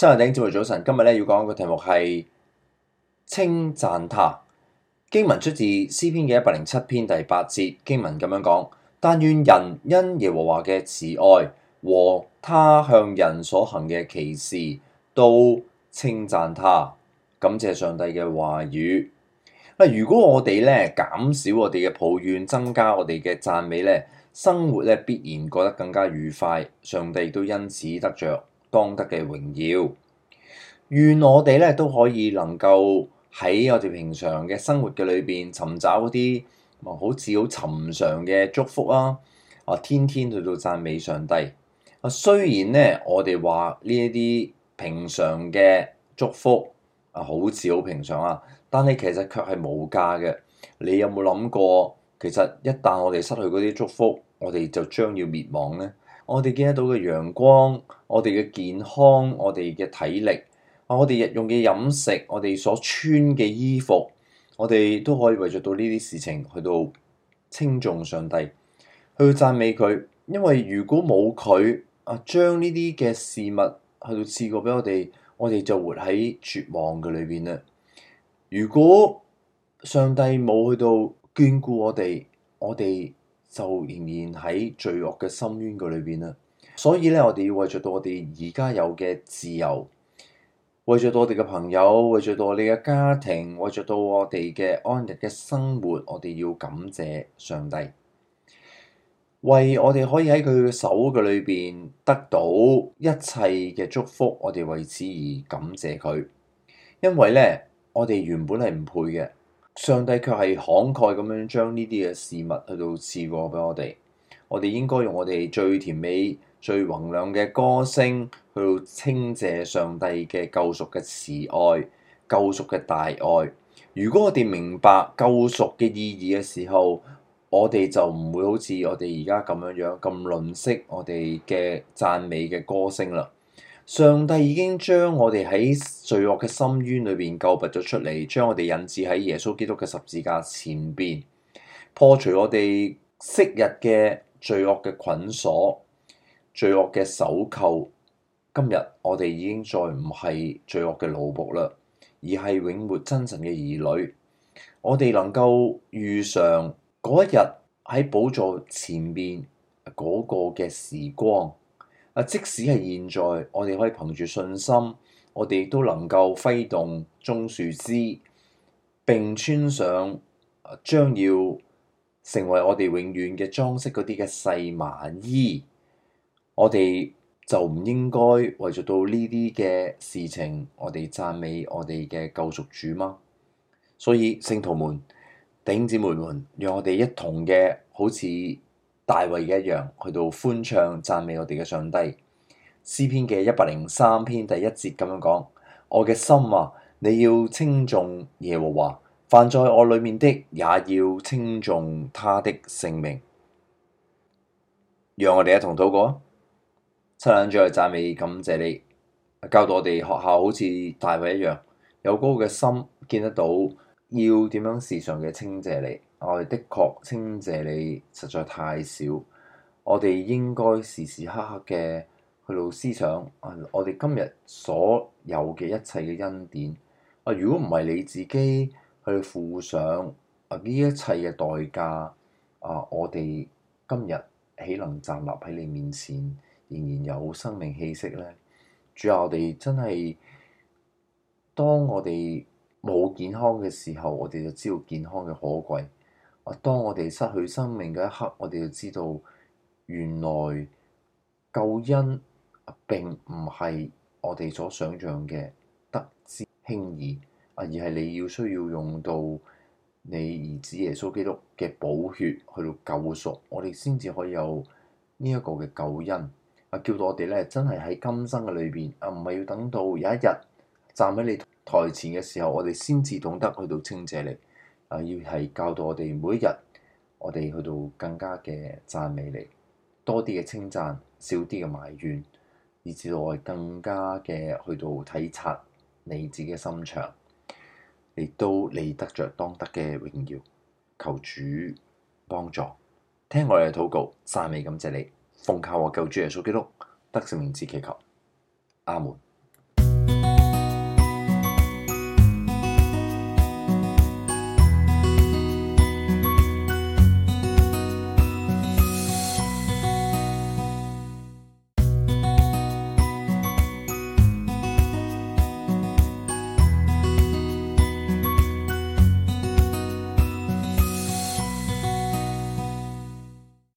親愛的弟兄姊妹早晨，今日咧，要講嘅題目係稱讚他。經文出自詩篇嘅一百零七篇第八節，經文咁樣講：但願人因耶和華嘅慈愛和他向人所行嘅奇事，都稱讚他，感謝上帝嘅話語。嗱，如果我哋咧，減少我哋嘅抱怨，增加我哋嘅讚美咧，生活咧必然過得更加愉快，上帝都因此得着當得嘅榮耀，願我哋咧都可以能夠喺我哋平常嘅生活嘅裏邊尋找一啲好似好尋常嘅祝福啦、啊，啊天天去到讚美上帝啊。雖然咧我哋話呢一啲平常嘅祝福啊好似好平常啊，但係其實卻係無價嘅。你有冇諗過，其實一旦我哋失去嗰啲祝福，我哋就將要滅亡呢？我哋見得到嘅陽光，我哋嘅健康，我哋嘅體力，我哋日用嘅飲食，我哋所穿嘅衣服，我哋都可以為著到呢啲事情去到稱頌上帝，去到讚美佢。因為如果冇佢啊，將呢啲嘅事物去到賜過俾我哋，我哋就活喺絕望嘅裏邊啦。如果上帝冇去到眷顧我哋，我哋，就仍然喺罪惡嘅深淵嗰裏邊啦，所以咧，我哋要為著到我哋而家有嘅自由，為著到我哋嘅朋友，為著到我哋嘅家庭，為著到我哋嘅安逸嘅生活，我哋要感謝上帝，為我哋可以喺佢嘅手嘅裏邊得到一切嘅祝福，我哋為此而感謝佢，因為咧，我哋原本係唔配嘅。上帝卻係慷慨咁樣將呢啲嘅事物去到賜過俾我哋，我哋應該用我哋最甜美、最宏亮嘅歌聲去到稱謝上帝嘅救贖嘅慈愛、救贖嘅大愛。如果我哋明白救贖嘅意義嘅時候，我哋就唔會好似我哋而家咁樣樣咁吝惜我哋嘅讚美嘅歌聲啦。上帝已經將我哋喺罪惡嘅深淵裏邊救拔咗出嚟，將我哋引至喺耶穌基督嘅十字架前邊，破除我哋昔日嘅罪惡嘅捆鎖、罪惡嘅手扣。今日我哋已經再唔係罪惡嘅奴僕啦，而係永活真神嘅兒女。我哋能夠遇上嗰一日喺寶座前面嗰個嘅時光。即使係現在，我哋可以憑住信心，我哋亦都能夠揮動棕樹枝，並穿上將要成為我哋永遠嘅裝飾嗰啲嘅細麻衣，我哋就唔應該為著到呢啲嘅事情，我哋讚美我哋嘅救贖主嗎？所以，聖徒們、弟兄姊妹們，讓我哋一同嘅好似。大衛一樣，去到歡唱讚美我哋嘅上帝。詩篇嘅一百零三篇第一節咁樣講：我嘅心啊，你要稱頌耶和華，凡在我裏面的也要稱頌他的聖名。讓我哋一同禱告，七兩嘴去讚美，感謝你教導我哋學校，好似大衛一樣，有高嘅心見得到。要點樣時常嘅稱謝你？我哋的確稱謝你實在太少。我哋應該時時刻刻嘅去老思想啊！我哋今日所有嘅一切嘅恩典啊，如果唔係你自己去付上啊呢一切嘅代價啊，我哋今日豈能站立喺你面前，仍然有生命氣息呢？主，主要我哋真係當我哋。冇健康嘅時候，我哋就知道健康嘅可貴。啊，當我哋失去生命嘅一刻，我哋就知道原來救恩並唔係我哋所想象嘅得之輕易啊，而係你要需要用到你兒子耶穌基督嘅寶血去到救贖，我哋先至可以有呢一個嘅救恩啊，叫到我哋咧真係喺今生嘅裏邊啊，唔係要等到有一日站喺你台前嘅時候，我哋先至懂得去到稱謝你啊！要係教導我哋每一日，我哋去到更加嘅讚美你，多啲嘅稱讚，少啲嘅埋怨，以至到我哋更加嘅去到體察你自己嘅心腸，嚟到你得着當得嘅榮耀。求主幫助，聽我哋嘅禱告，讚美感謝你，奉靠我救主耶穌基督得勝名字祈求，阿門。